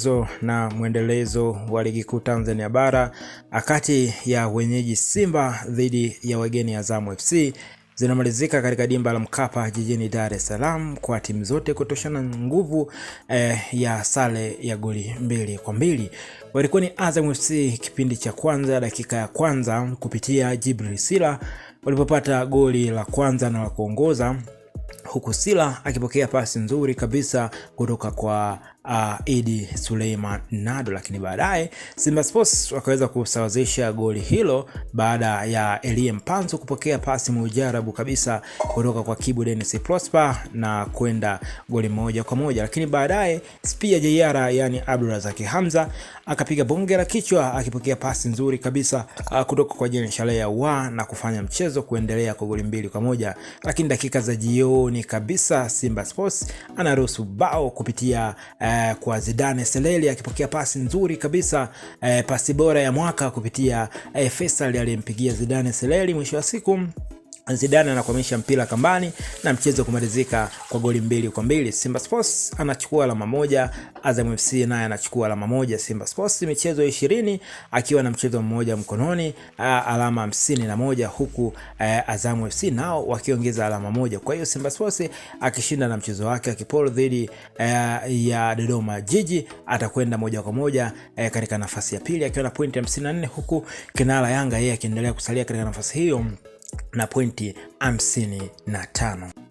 zo na mwendelezo wa ligi kuu Tanzania bara akati ya wenyeji Simba dhidi ya wageni Azam FC zinamalizika katika dimba la Mkapa jijini Dar es Salaam kwa timu zote kutoshana nguvu eh, ya sare ya goli mbili kwa mbili. Walikuwa ni Azam FC kipindi cha kwanza, dakika ya kwanza kupitia Jibril Sila walipopata goli la kwanza na la kuongoza huku Sila akipokea pasi nzuri kabisa kutoka kwa uh, Idi Suleiman Nado, lakini baadaye Simba Sports wakaweza kusawazisha goli hilo baada ya Elie mpanzo kupokea pasi mujarabu kabisa kutoka kwa Kibu Dennis Prosper na kwenda goli moja kwa moja, lakini baadaye Spia Jeyara, yani Abdurazaki Hamza akapiga bonge la kichwa akipokea pasi nzuri kabisa uh, kutoka kwa Jean Shalea wa na kufanya mchezo kuendelea kwa goli mbili kwa moja, lakini dakika za jioni rasmi kabisa. Simba Sports anaruhusu bao kupitia eh, kwa Zidane Seleli akipokea pasi nzuri kabisa eh, pasi bora ya mwaka kupitia eh, Faisal aliyempigia Zidane Seleli mwisho wa siku Zidane anakwamisha mpira kambani na mchezo kumalizika kwa goli mbili kwa mbili. Simba Sports anachukua alama moja, Azam FC naye anachukua alama moja. Simba Sports michezo ishirini akiwa na mchezo mmoja mkononi, alama hamsini na moja huku eh, Azam FC nao wakiongeza alama moja. Kwa hiyo Simba Sports akishinda na mchezo wake akipolo dhidi eh, ya Dodoma Jiji atakwenda moja kwa moja eh, katika nafasi ya pili akiwa na pointi 54 huku kinara Yanga yeye akiendelea kusalia katika nafasi hiyo na pointi 55.